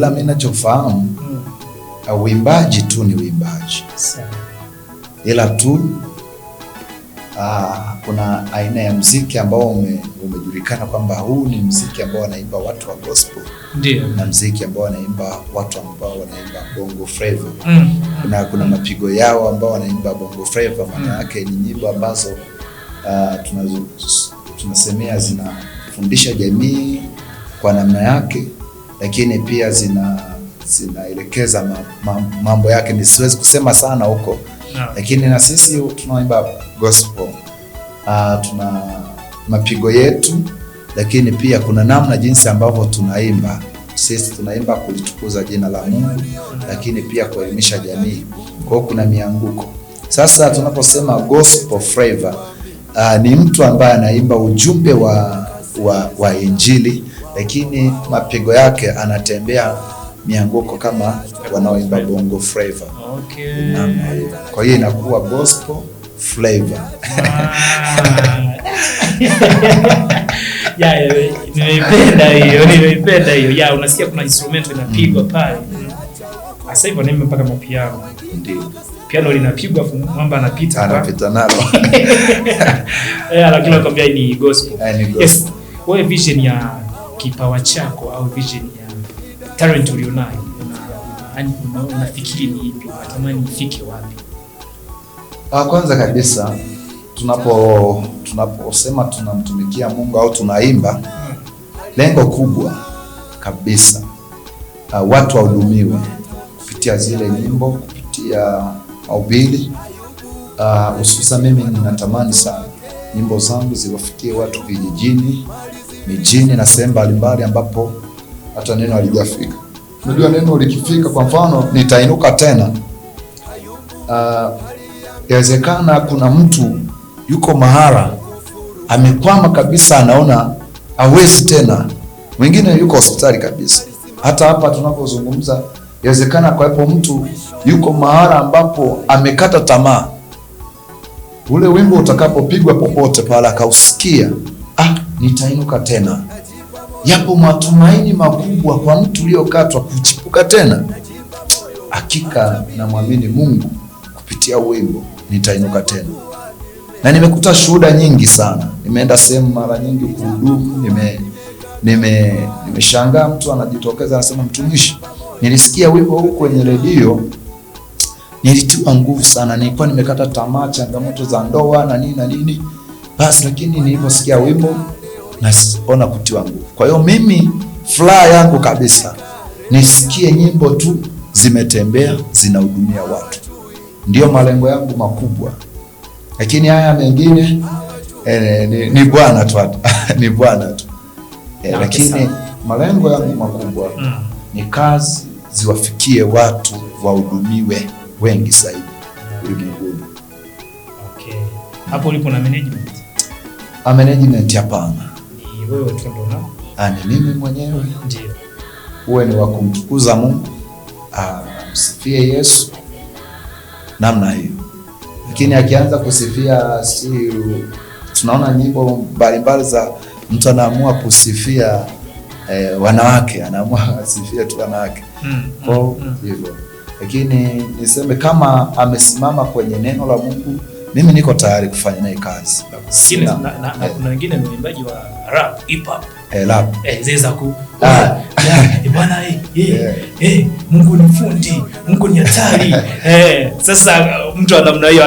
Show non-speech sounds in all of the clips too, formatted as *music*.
Ila mimi ninachofahamu mm. uimbaji tu ni uimbaji, ila tu aa, ah, kuna aina ya mziki ambao ume, umejulikana kwamba huu ni mziki ambao wanaimba watu wa gospel ndio, na mziki ambao wanaimba watu ambao wanaimba bongo flava mm. mm. kuna, kuna mapigo yao ambao wanaimba bongo flava maana mm. yake mm. ni nyimbo ambazo ah, tunasemea zinafundisha jamii kwa namna yake lakini pia zina zinaelekeza mambo yake. Ni siwezi kusema sana huko yeah. Lakini na sisi tunaimba gospel uh, tuna mapigo yetu, lakini pia kuna namna jinsi ambavyo tunaimba sisi tunaimba kulitukuza jina la Mungu, lakini pia kuelimisha jamii. Kwa hiyo kuna mianguko sasa. Tunaposema gospel flavor, uh, ni mtu ambaye anaimba ujumbe wa, wa, wa Injili lakini mapigo yake anatembea mianguko kama wanaoimba bongo flavor. Okay. Kwa hiyo inakuwa gospel flavor. *laughs* Ya, nimeipenda hiyo, nimeipenda hiyo. Ya, unasikia kuna instrument inapigwa mm. pale. Sasa hivi wanaimba mpaka mapiano. Ndio. Piano linapigwa afu mwamba anapita. Anapita nalo. *laughs* Eh, lakini nakwambia eh, ni gospel. Yes. Wewe vision ya kipawa chako au vision ya talent ulionayo, yani unafikiri ni ipi, unatamani ifike wapi? Ah, kwanza kabisa tunapo tunaposema tunamtumikia Mungu au tunaimba, lengo kubwa kabisa uh, watu wahudumiwe kupitia zile nyimbo, kupitia mahubiri ah, hususa Uh, mimi ninatamani sana nyimbo zangu ziwafikie watu vijijini, mijini na sehemu mbalimbali ambapo hata neno halijafika. Unajua neno likifika, kwa mfano nitainuka tena, uh, yawezekana uh, kuna mtu yuko mahara amekwama kabisa, anaona hawezi tena, mwingine yuko hospitali kabisa. Hata hapa tunapozungumza, yawezekana kwawepo mtu yuko mahara ambapo amekata tamaa. Ule wimbo utakapopigwa popote pale akausikia nitainuka tena. Yapo matumaini makubwa kwa mtu uliokatwa kuchipuka tena. Hakika namwamini Mungu kupitia wimbo nitainuka tena, na nimekuta shuhuda nyingi sana. Nimeenda sehemu mara nyingi kuhudumu, nime nime nimeshangaa mtu anajitokeza anasema, mtumishi, nilisikia wimbo huu kwenye redio, nilitiwa nguvu sana, nilikuwa nimekata tamaa, changamoto za ndoa na nini na nini, basi lakini niliposikia wimbo naona kutiwa nguvu. Kwa hiyo mimi furaha yangu kabisa nisikie nyimbo tu zimetembea zinahudumia watu, ndiyo malengo yangu makubwa, lakini haya mengine e, ni, ni Bwana tu *laughs* ni Bwana tu e, lakini malengo yangu makubwa mm, ni kazi ziwafikie watu wahudumiwe wengi zaidi ulimwenguni. Okay. Hapo ulipo na management? A ah, management hapana wewe tu ndo na ah, ni mimi mwenyewe ndio uwe ni wa kumtukuza Mungu amsifie ah, Yesu namna hiyo, lakini akianza kusifia si, tunaona nyimbo mbalimbali za mtu anaamua kusifia eh, wanawake anaamua *laughs* asifie tu wanawake mm, kwa mm, mm. hivyo mm. Lakini niseme kama amesimama kwenye neno la Mungu mimi niko tayari kufanya naye kazi. na eh. kuna wengine mwimbaji wa rap, hip hop. Eh, rap. Eh, zeza ku. Ah, eh, eh, bwana eh, eh, Mungu ni fundi, Mungu ni hatari. *laughs* Eh, sasa uh, mtu wa namna hiyo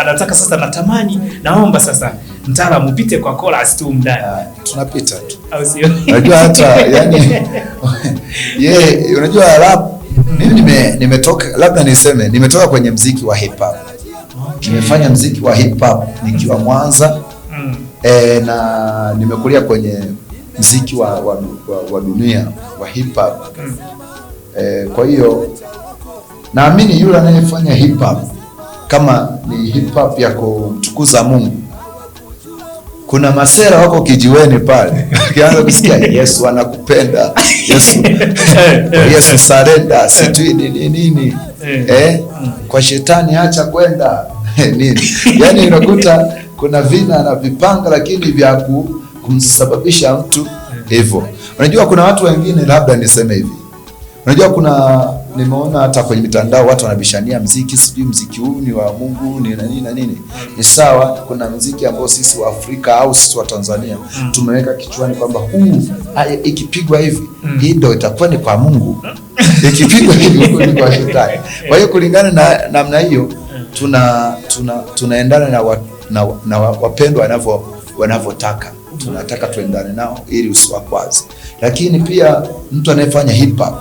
anataka sasa, natamani naomba sasa mtaalamu upite kwa kola tu mdani. Ah, tunapita tu. Au sio? Unajua hata *laughs* yani yeye unajua rap mimi nimetoka labda niseme nimetoka kwenye mziki wa hip hop nimefanya mziki wa hip hop nikiwa Mwanza e, na nimekulia kwenye mziki wa, wa, wa, wa dunia wa hip hop e, kwa hiyo naamini yule anayefanya hip hop kama ni hip hop ya kumtukuza Mungu kuna masera wako kijiweni pale, *laughs* ukianza kusikia Yesu anakupenda, *laughs* Yesu eh, Yesu sarenda, sijui nini nini eh, mm. kwa shetani acha kwenda *laughs* nini yani, unakuta kuna vina anavipanga lakini vya kumsababisha mtu hivyo. Unajua kuna watu wengine, labda niseme hivi, unajua kuna nimeona hata kwenye mitandao watu wanabishania mziki, sijui mziki huu ni wa Mungu ni na nini na nini. Ni sawa, kuna mziki ambao sisi wa Afrika au sisi wa Tanzania mm. tumeweka kichwani kwamba huu ikipigwa hivi mm. hii ndio itakuwa ni kwa Mungu, *laughs* ikipigwa hivi ni kwa shetani. Kwa hiyo kulingana na namna hiyo tuna, tuna, tunaendana na, wa, na, na wapendwa wanavyotaka tunataka tuendane nao ili usiwakwaze. Lakini pia mtu anayefanya hip hop,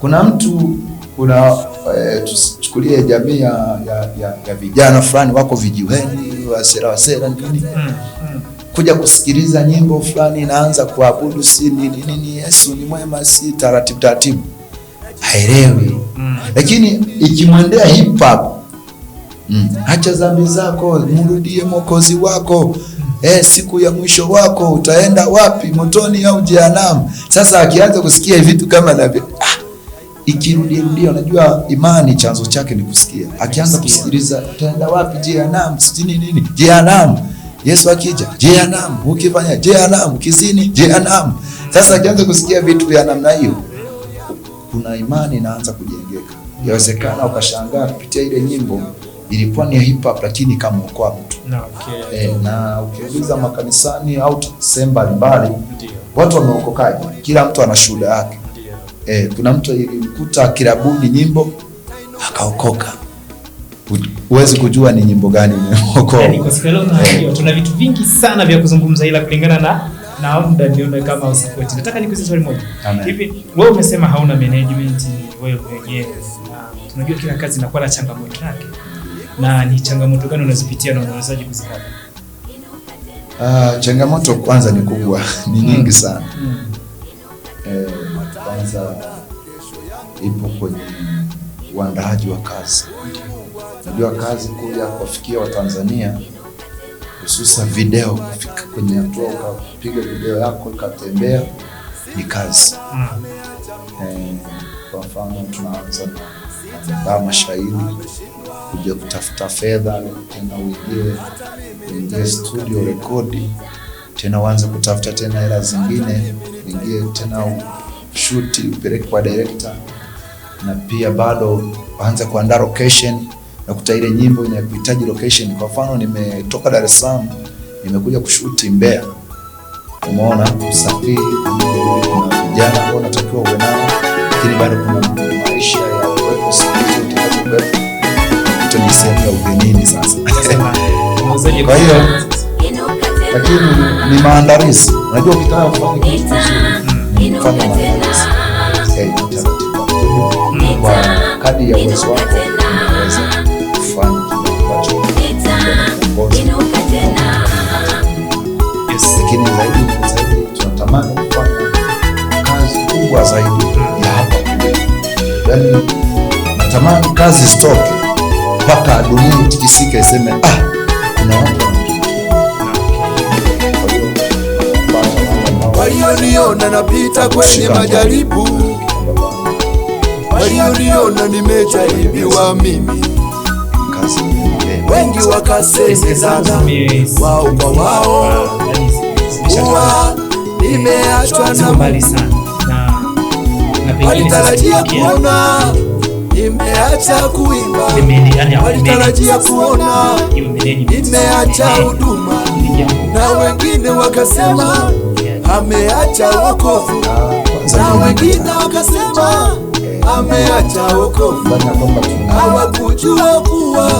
kuna mtu kuna e, eh, tuchukulie jamii ya, ya, ya, ya vijana fulani wako vijiweni wasera wasera nini mm, mm. kuja kusikiliza nyimbo fulani inaanza kuabudu si nini nini, Yesu ni mwema, si taratibu taratibu haelewi mm. Lakini ikimwendea hip hop mm. Hacha dhambi zako, mrudie mwokozi wako E, siku ya mwisho wako utaenda wapi? Motoni au jehanamu? Sasa akianza kusikia vitu kama na ah, ikirudia rudia, unajua imani chanzo chake ni kusikia. Akianza kusikiliza utaenda wapi? Jehanamu, sijini nini? Jehanamu. Yesu akija, jehanamu. Ukifanya jehanamu, kizini, jehanamu. Sasa akianza kusikia vitu vya namna hiyo kuna imani inaanza kujengeka. Yawezekana ukashangaa kupitia ile nyimbo ilikuwa ni hip hop lakini ikamwokoa mtu na, okay. E, na ukiuliza makanisani au sehemu mbalimbali watu wameokokaje, kila mtu ana shuhuda yake. E, kuna mtu ilimkuta kilabuni nyimbo akaokoka, huwezi kujua ni nyimbo gani imeokoa. Yaani eh. Tuna vitu vingi sana vya kuzungumza, ila kulingana na na muda nione kama usapoti. Nataka nikuulize swali moja hivi, wewe umesema hauna management wewe mwenyewe, na tunajua kila kazi inakuwa na changamoto yake, na ni changamoto gani unazipitia na unawezaje kuzikabili? Uh, ah, changamoto kwanza ni kubwa, *laughs* ni nyingi mm. sana mm. Eh, kwanza ipo kwenye uandaaji wa kazi, najua kazi kuja kuwafikia Watanzania hususa video, kufika kwenye hatua ukapiga video yako ikatembea ni kazi mm. E, kwa mfano tunaanza kuandaa mashairi, kuja kutafuta fedha, tena uingie uingie studio rekodi, tena uanze kutafuta tena hela zingine, uingie tena shuti upeleke kwa director, na pia bado waanze kuandaa location nakuta ile nyimbo inakuhitaji location. Kwa mfano nimetoka Dar es Salaam nimekuja kushuti Mbeya, umeona usafiri, kuna vijana ambao natakiwa uwe nao, lakini bado kuna maisha ya uwepo siku ni sehemu ya ugenini sasa. Kwa hiyo lakini ni maandalizi, unajua ukitaka kufanya kitu kizuri mm, fanya maandalizi eh, kwa kadri ya uwezo wako. lakini zaidi na zaidi tunatamani kufanya kazi kubwa zaidi ya hapa Yani natamani kazi stoke mpaka dunia itikisike, iseme ah, kuna watu walioniona napita kwenye majaribu, walioniona nimejaribiwa mimi wengi wakasemezana wao kwa wao kuwa nimeachwa na mbali sana, walitarajia kuona nimeacha kuimba, walitarajia kuona nimeacha huduma, na wengine wakasema ameacha wokovu, na wengine wakasema ameacha wokovu. Hawakujua kuwa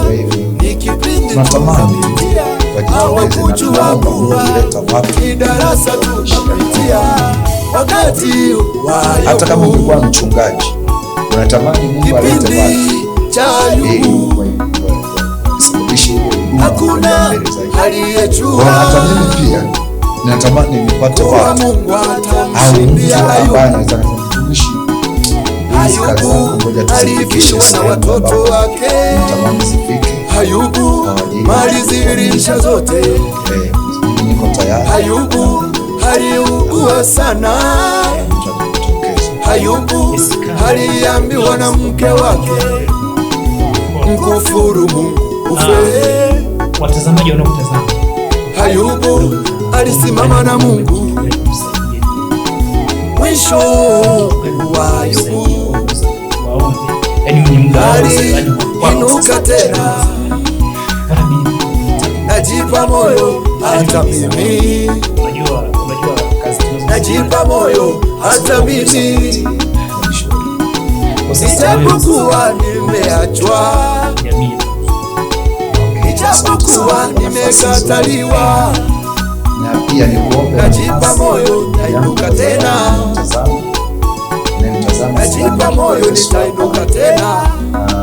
ni kipindi tunapitia hawakujua kuwa ni darasa tunapitia wakati wa hata kama ulikuwa mchungaji unatamani Mungu alete watu cha Ayubu hakuna aliyejua. Hata mimi pia natamani nipate watu au mtu ambaye anaweza kunifundisha hizi kazi zangu, ngoja tuzifikishe natamani maisha zote eh, Ayubu aliugua sana Ayubu aliambiwa na mke wake mkufuru Mungu ufe. Ah, watazamaji wanaotazama, Ayubu alisimama na Mungu. Mwisho wa Ayubu yaani aliinuka yaani tena najipa moyo hata mimi, najipa moyo hata mimi, nijapokuwa nimeachwa, nijapokuwa nimekataliwa, najipa moyo nainuka tena, najipa moyo nitainuka tena.